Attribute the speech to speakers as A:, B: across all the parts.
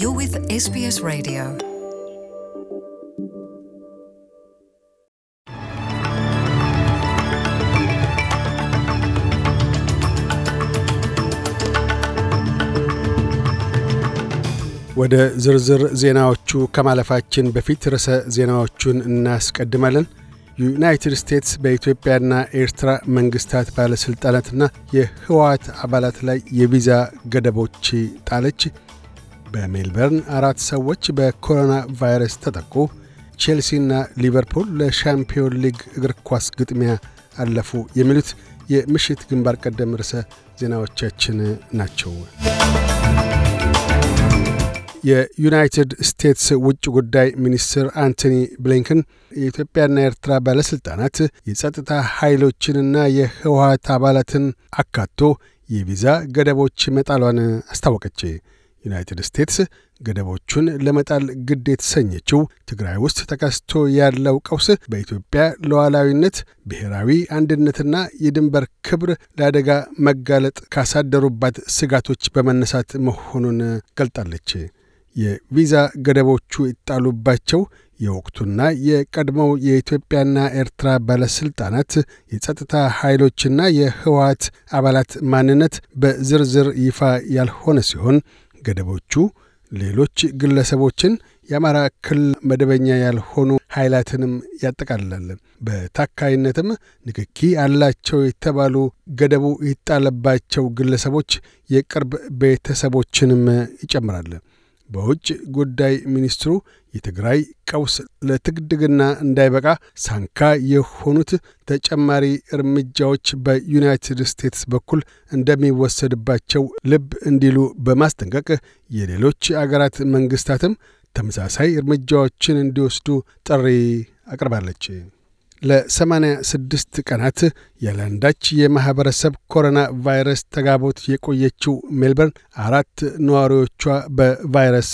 A: You're with SBS Radio.
B: ወደ ዝርዝር ዜናዎቹ ከማለፋችን በፊት ርዕሰ ዜናዎቹን እናስቀድማለን። ዩናይትድ ስቴትስ በኢትዮጵያና ኤርትራ መንግስታት ባለሥልጣናትና የህወሓት አባላት ላይ የቪዛ ገደቦች ጣለች። በሜልበርን አራት ሰዎች በኮሮና ቫይረስ ተጠቁ። ቼልሲና ሊቨርፑል ለሻምፒዮን ሊግ እግር ኳስ ግጥሚያ አለፉ። የሚሉት የምሽት ግንባር ቀደም ርዕሰ ዜናዎቻችን ናቸው። የዩናይትድ ስቴትስ ውጭ ጉዳይ ሚኒስትር አንቶኒ ብሊንከን የኢትዮጵያና የኤርትራ ባለሥልጣናት የጸጥታ ኃይሎችንና የህወሀት አባላትን አካቶ የቪዛ ገደቦች መጣሏን አስታወቀች። ዩናይትድ ስቴትስ ገደቦቹን ለመጣል ግድ የተሰኘችው ትግራይ ውስጥ ተከስቶ ያለው ቀውስ በኢትዮጵያ ሉዓላዊነት፣ ብሔራዊ አንድነትና የድንበር ክብር ለአደጋ መጋለጥ ካሳደሩባት ስጋቶች በመነሳት መሆኑን ገልጣለች። የቪዛ ገደቦቹ ይጣሉባቸው የወቅቱና የቀድሞው የኢትዮጵያና ኤርትራ ባለሥልጣናት የጸጥታ ኃይሎችና የህወሀት አባላት ማንነት በዝርዝር ይፋ ያልሆነ ሲሆን ገደቦቹ ሌሎች ግለሰቦችን የአማራ ክልል መደበኛ ያልሆኑ ኃይላትንም ያጠቃልላል። በታካይነትም ንክኪ አላቸው የተባሉ ገደቡ ይጣለባቸው ግለሰቦች የቅርብ ቤተሰቦችንም ይጨምራል። በውጭ ጉዳይ ሚኒስትሩ የትግራይ ቀውስ ለትግድግና እንዳይበቃ ሳንካ የሆኑት ተጨማሪ እርምጃዎች በዩናይትድ ስቴትስ በኩል እንደሚወሰድባቸው ልብ እንዲሉ በማስጠንቀቅ የሌሎች አገራት መንግስታትም ተመሳሳይ እርምጃዎችን እንዲወስዱ ጥሪ አቅርባለች። ለ86 ቀናት ያለአንዳች የማኅበረሰብ ኮሮና ቫይረስ ተጋቦት የቆየችው ሜልበርን አራት ነዋሪዎቿ በቫይረስ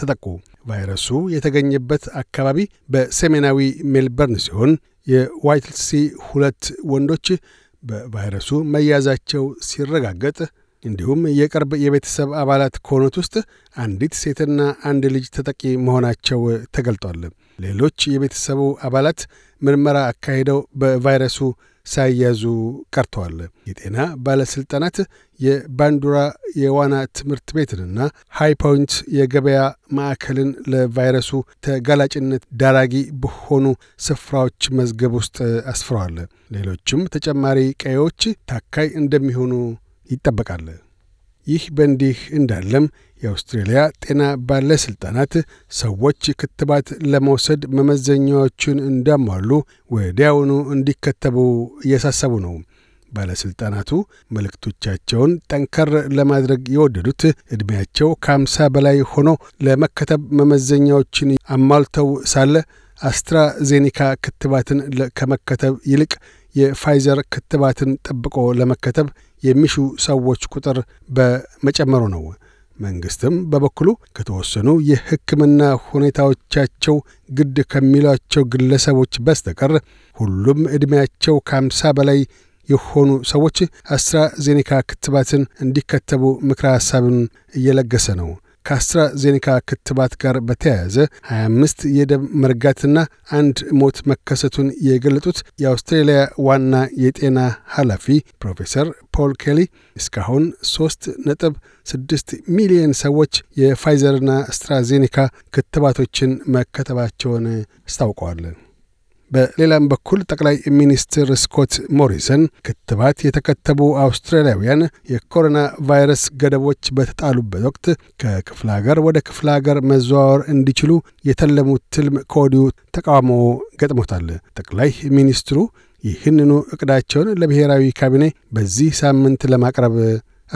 B: ተጠቁ። ቫይረሱ የተገኘበት አካባቢ በሰሜናዊ ሜልበርን ሲሆን የዋይትልሲ ሁለት ወንዶች በቫይረሱ መያዛቸው ሲረጋገጥ እንዲሁም የቅርብ የቤተሰብ አባላት ከሆኑት ውስጥ አንዲት ሴትና አንድ ልጅ ተጠቂ መሆናቸው ተገልጧል። ሌሎች የቤተሰቡ አባላት ምርመራ አካሂደው በቫይረሱ ሳይያዙ ቀርተዋል። የጤና ባለሥልጣናት የባንዱራ የዋና ትምህርት ቤትንና ሃይ ፖይንት የገበያ ማዕከልን ለቫይረሱ ተጋላጭነት ዳራጊ በሆኑ ስፍራዎች መዝገብ ውስጥ አስፍረዋል። ሌሎችም ተጨማሪ ቀዬዎች ታካይ እንደሚሆኑ ይጠበቃል። ይህ በእንዲህ እንዳለም የአውስትሬልያ ጤና ባለሥልጣናት ሰዎች ክትባት ለመውሰድ መመዘኛዎቹን እንዳሟሉ ወዲያውኑ እንዲከተቡ እያሳሰቡ ነው። ባለሥልጣናቱ መልእክቶቻቸውን ጠንከር ለማድረግ የወደዱት ዕድሜያቸው ከአምሳ በላይ ሆኖ ለመከተብ መመዘኛዎችን አሟልተው ሳለ አስትራዜኒካ ክትባትን ከመከተብ ይልቅ የፋይዘር ክትባትን ጠብቆ ለመከተብ የሚሹ ሰዎች ቁጥር በመጨመሩ ነው። መንግስትም በበኩሉ ከተወሰኑ የሕክምና ሁኔታዎቻቸው ግድ ከሚሏቸው ግለሰቦች በስተቀር ሁሉም ዕድሜያቸው ከአምሳ በላይ የሆኑ ሰዎች ዜኔካ ክትባትን እንዲከተቡ ምክረ ሐሳብን እየለገሰ ነው። ከአስትራዜኔካ ክትባት ጋር በተያያዘ 25 የደም መርጋትና አንድ ሞት መከሰቱን የገለጡት የአውስትሬልያ ዋና የጤና ኃላፊ ፕሮፌሰር ፖል ኬሊ እስካሁን 3 ነጥብ 6 ሚሊዮን ሰዎች የፋይዘርና አስትራዜኔካ ክትባቶችን መከተባቸውን አስታውቀዋል። በሌላም በኩል ጠቅላይ ሚኒስትር ስኮት ሞሪሰን ክትባት የተከተቡ አውስትራሊያውያን የኮሮና ቫይረስ ገደቦች በተጣሉበት ወቅት ከክፍለ አገር ወደ ክፍለ ሀገር መዘዋወር እንዲችሉ የተለሙት ትልም ከወዲሁ ተቃውሞ ገጥሞታል። ጠቅላይ ሚኒስትሩ ይህንኑ እቅዳቸውን ለብሔራዊ ካቢኔ በዚህ ሳምንት ለማቅረብ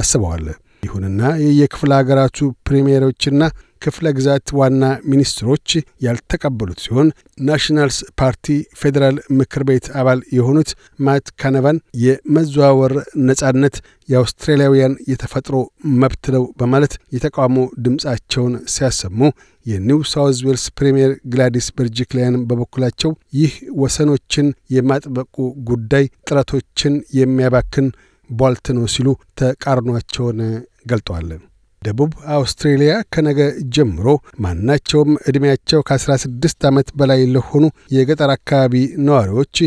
B: አስበዋል። ይሁንና የየክፍለ አገራቱ ፕሪምየሮችና ክፍለ ግዛት ዋና ሚኒስትሮች ያልተቀበሉት ሲሆን ናሽናልስ ፓርቲ ፌዴራል ምክር ቤት አባል የሆኑት ማት ካነቫን የመዘዋወር ነጻነት የአውስትራሊያውያን የተፈጥሮ መብት ነው በማለት የተቃውሞ ድምፃቸውን ሲያሰሙ የኒው ሳውዝ ዌልስ ፕሪምየር ግላዲስ በርጅክሊያን በበኩላቸው ይህ ወሰኖችን የማጥበቁ ጉዳይ ጥረቶችን የሚያባክን ቧልት ነው ሲሉ ተቃርኗቸውን ገልጠዋል። ደቡብ አውስትሬልያ ከነገ ጀምሮ ማናቸውም ዕድሜያቸው ከ16 ዓመት በላይ ለሆኑ የገጠር አካባቢ ነዋሪዎች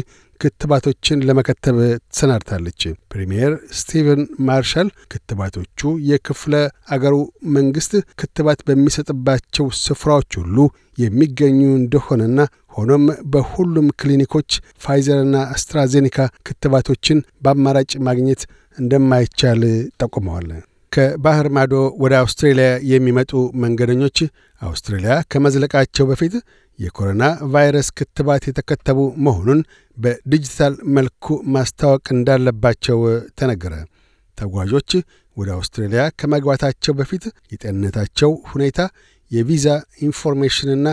B: ክትባቶችን ለመከተብ ተሰናድታለች። ፕሪምየር ስቲቨን ማርሻል ክትባቶቹ የክፍለ አገሩ መንግሥት ክትባት በሚሰጥባቸው ስፍራዎች ሁሉ የሚገኙ እንደሆነና ሆኖም በሁሉም ክሊኒኮች ፋይዘርና አስትራዜኒካ ክትባቶችን በአማራጭ ማግኘት እንደማይቻል ጠቁመዋል። ከባህር ማዶ ወደ አውስትሬልያ የሚመጡ መንገደኞች አውስትሬልያ ከመዝለቃቸው በፊት የኮሮና ቫይረስ ክትባት የተከተቡ መሆኑን በዲጂታል መልኩ ማስታወቅ እንዳለባቸው ተነገረ። ተጓዦች ወደ አውስትሬልያ ከመግባታቸው በፊት የጤንነታቸው ሁኔታ፣ የቪዛ ኢንፎርሜሽንና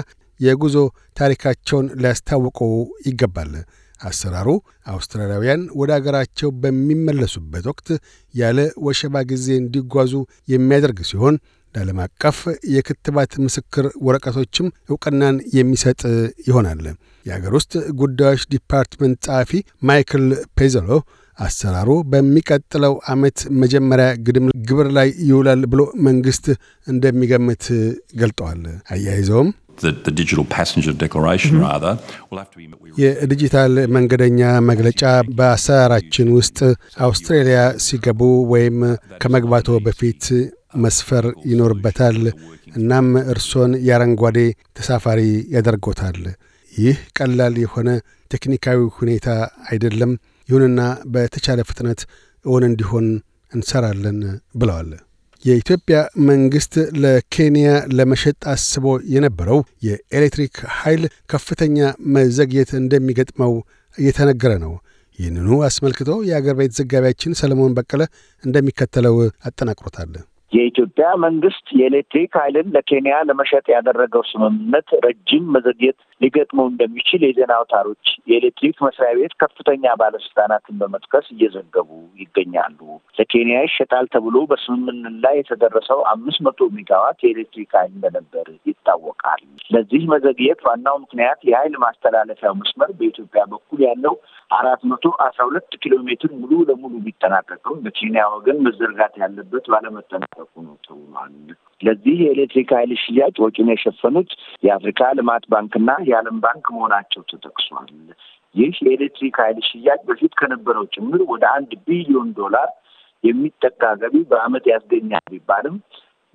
B: የጉዞ ታሪካቸውን ሊያስታውቁ ይገባል። አሰራሩ አውስትራሊያውያን ወደ አገራቸው በሚመለሱበት ወቅት ያለ ወሸባ ጊዜ እንዲጓዙ የሚያደርግ ሲሆን ለዓለም አቀፍ የክትባት ምስክር ወረቀቶችም ዕውቅናን የሚሰጥ ይሆናል። የአገር ውስጥ ጉዳዮች ዲፓርትመንት ጸሐፊ ማይክል ፔዘሎ አሰራሩ በሚቀጥለው ዓመት መጀመሪያ ግድም ግብር ላይ ይውላል ብሎ መንግሥት እንደሚገምት ገልጠዋል። አያይዘውም የዲጂታል mm-hmm. መንገደኛ መግለጫ በአሰራራችን ውስጥ አውስትራሊያ ሲገቡ ወይም ከመግባቶ በፊት መስፈር ይኖርበታል። እናም እርሶን የአረንጓዴ ተሳፋሪ ያደርጎታል። ይህ ቀላል የሆነ ቴክኒካዊ ሁኔታ አይደለም። ይሁንና በተቻለ ፍጥነት እውን እንዲሆን እንሰራለን ብለዋል። የኢትዮጵያ መንግስት ለኬንያ ለመሸጥ አስቦ የነበረው የኤሌክትሪክ ኃይል ከፍተኛ መዘግየት እንደሚገጥመው እየተነገረ ነው። ይህንኑ አስመልክቶ የአገር ቤት ዘጋቢያችን ሰለሞን በቀለ እንደሚከተለው አጠናቅሮታል።
A: የኢትዮጵያ መንግስት የኤሌክትሪክ ኃይልን ለኬንያ ለመሸጥ ያደረገው ስምምነት ረጅም መዘግየት ሊገጥመው እንደሚችል የዜና አውታሮች የኤሌክትሪክ መስሪያ ቤት ከፍተኛ ባለስልጣናትን በመጥቀስ እየዘገቡ ይገኛሉ። ለኬንያ ይሸጣል ተብሎ በስምምነት ላይ የተደረሰው አምስት መቶ ሜጋዋት የኤሌክትሪክ ኃይል እንደነበር ይታወቃል። ለዚህ መዘግየት ዋናው ምክንያት የኃይል ማስተላለፊያው መስመር በኢትዮጵያ በኩል ያለው አራት መቶ አስራ ሁለት ኪሎ ሜትር ሙሉ ለሙሉ ቢጠናቀቅም በኬንያ ወገን መዘርጋት ያለበት ባለመጠናቀ እየተንበረከኩ ነው ተብሏል። ለዚህ የኤሌክትሪክ ኃይል ሽያጭ ወጪን የሸፈኑት የአፍሪካ ልማት ባንክና የዓለም ባንክ መሆናቸው ተጠቅሷል። ይህ የኤሌክትሪክ ኃይል ሽያጭ በፊት ከነበረው ጭምር ወደ አንድ ቢሊዮን ዶላር የሚጠጋ ገቢ በዓመት ያስገኛል ቢባልም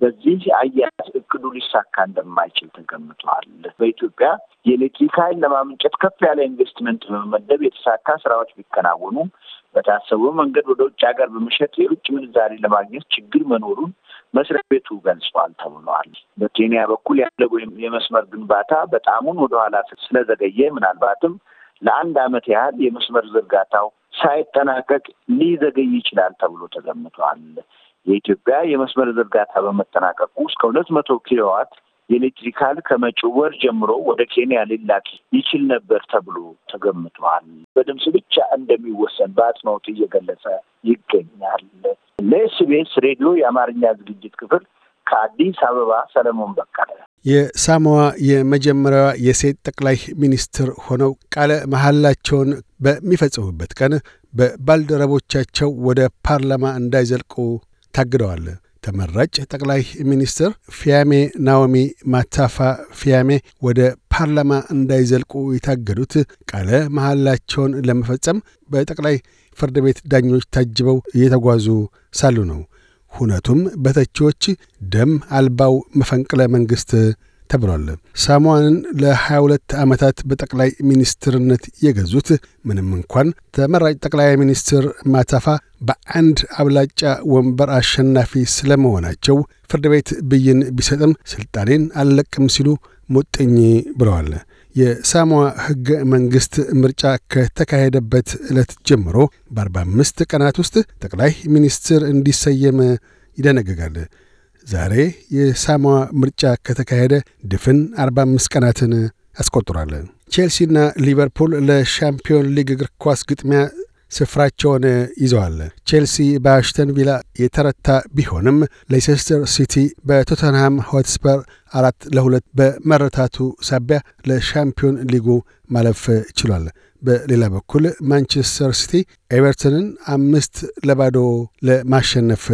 A: በዚህ አያያዝ እቅዱ ሊሳካ እንደማይችል ተገምቷል። በኢትዮጵያ የኤሌክትሪክ ኃይል ለማመንጨት ከፍ ያለ ኢንቨስትመንት በመመደብ የተሳካ ስራዎች ቢከናወኑም በታሰበ መንገድ ወደ ውጭ ሀገር በመሸጥ የውጭ ምንዛሪ ለማግኘት ችግር መኖሩን መስሪያ ቤቱ ገልጿል ተብሏል። በኬንያ በኩል ያለው የመስመር ግንባታ በጣሙን ወደኋላ ስለዘገየ ምናልባትም ለአንድ ዓመት ያህል የመስመር ዝርጋታው ሳይጠናቀቅ ሊዘገይ ይችላል ተብሎ ተገምቷል። የኢትዮጵያ የመስመር ዝርጋታ በመጠናቀቁ እስከ ሁለት መቶ ኪሎዋት የኤሌክትሪካል ከመጪው ወር ጀምሮ ወደ ኬንያ ሊላክ ይችል ነበር ተብሎ ተገምቷል። በድምፅ ብቻ እንደሚወሰን በአጽንኦት እየገለጸ ይገኛል። ለኤስቢኤስ ሬዲዮ የአማርኛ ዝግጅት ክፍል ከአዲስ አበባ ሰለሞን በቀለ።
B: የሳሞዋ የመጀመሪያዋ የሴት ጠቅላይ ሚኒስትር ሆነው ቃለ መሐላቸውን በሚፈጽሙበት ቀን በባልደረቦቻቸው ወደ ፓርላማ እንዳይዘልቁ ታግደዋል። ተመራጭ ጠቅላይ ሚኒስትር ፊያሜ ናኦሚ ማታፋ ፊያሜ ወደ ፓርላማ እንዳይዘልቁ የታገዱት ቃለ መሐላቸውን ለመፈጸም በጠቅላይ ፍርድ ቤት ዳኞች ታጅበው እየተጓዙ ሳሉ ነው። ሁነቱም በተቺዎች ደም አልባው መፈንቅለ መንግሥት ተብሏል። ሳሞአንን ለ22 ዓመታት በጠቅላይ ሚኒስትርነት የገዙት ምንም እንኳን ተመራጭ ጠቅላይ ሚኒስትር ማታፋ በአንድ አብላጫ ወንበር አሸናፊ ስለመሆናቸው ፍርድ ቤት ብይን ቢሰጥም ሥልጣኔን አልለቅም ሲሉ ሙጥኝ ብለዋል። የሳሞዋ ሕገ መንግሥት ምርጫ ከተካሄደበት ዕለት ጀምሮ በ45 ቀናት ውስጥ ጠቅላይ ሚኒስትር እንዲሰየም ይደነግጋል። ዛሬ የሳሟ ምርጫ ከተካሄደ ድፍን 45 ቀናትን አስቆጥሯል። ቼልሲና ሊቨርፑል ለሻምፒዮን ሊግ እግር ኳስ ግጥሚያ ስፍራቸውን ይዘዋል። ቼልሲ በአሽተን ቪላ የተረታ ቢሆንም ሌይሴስተር ሲቲ በቶተንሃም ሆትስፐር አራት ለሁለት በመረታቱ ሳቢያ ለሻምፒዮን ሊጉ ማለፍ ችሏል። በሌላ በኩል ማንቸስተር ሲቲ ኤቨርተንን አምስት ለባዶ ለማሸነፍ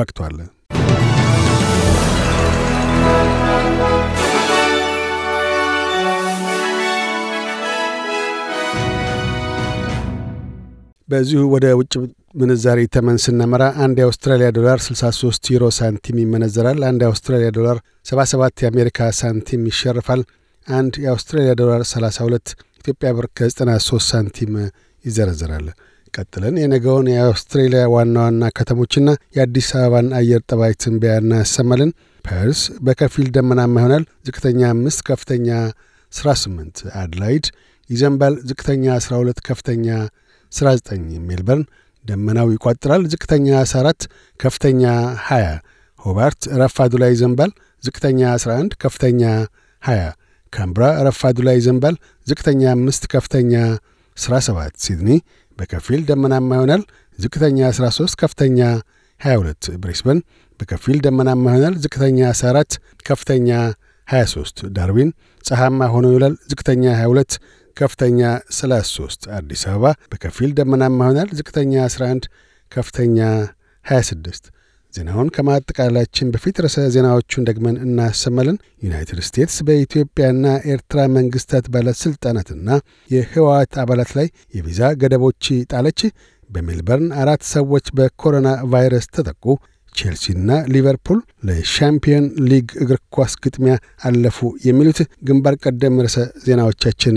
B: በቅቷል። በዚሁ ወደ ውጭ ምንዛሪ ተመን ስናመራ አንድ የአውስትራሊያ ዶላር 63 ዩሮ ሳንቲም ይመነዘራል። አንድ የአውስትራሊያ ዶላር 77 የአሜሪካ ሳንቲም ይሸርፋል። አንድ የአውስትራሊያ ዶላር 32 ኢትዮጵያ ብር ከ93 ሳንቲም ይዘረዘራል። ቀጥለን የነገውን የአውስትሬሊያ ዋና ዋና ከተሞችና የአዲስ አበባን አየር ጠባይ ትንበያ እናሰማለን። ፐርስ በከፊል ደመናማ ይሆናል። ዝቅተኛ 5፣ ከፍተኛ 18። አድላይድ ይዘንባል። ዝቅተኛ 12፣ ከፍተኛ ስራ 9 ሜልበርን ደመናው ይቋጥራል። ዝቅተኛ 14 ከፍተኛ 20። ሆባርት ረፋዱ ላይ ይዘንባል። ዝቅተኛ 11 ከፍተኛ 20። ካምብራ ረፋዱ ላይ ይዘንባል። ዝቅተኛ 5 ከፍተኛ 17። ሲድኒ በከፊል ደመናማ ይሆናል። ዝቅተኛ 13 ከፍተኛ 22። ብሪስበን በከፊል ደመናማ ይሆናል። ዝቅተኛ 14 ከፍተኛ 23። ዳርዊን ፀሐማ ሆኖ ይውላል። ዝቅተኛ 22 ከፍተኛ 33። አዲስ አበባ በከፊል ደመናማ ይሆናል። ዝቅተኛ 11፣ ከፍተኛ 26። ዜናውን ከማጠቃላችን በፊት ርዕሰ ዜናዎቹን ደግመን እናሰማለን። ዩናይትድ ስቴትስ በኢትዮጵያና ኤርትራ መንግስታት ባለሥልጣናትና የህወሓት አባላት ላይ የቪዛ ገደቦች ጣለች። በሜልበርን አራት ሰዎች በኮሮና ቫይረስ ተጠቁ። ቼልሲና ሊቨርፑል ለሻምፒዮን ሊግ እግር ኳስ ግጥሚያ አለፉ። የሚሉት ግንባር ቀደም ርዕሰ ዜናዎቻችን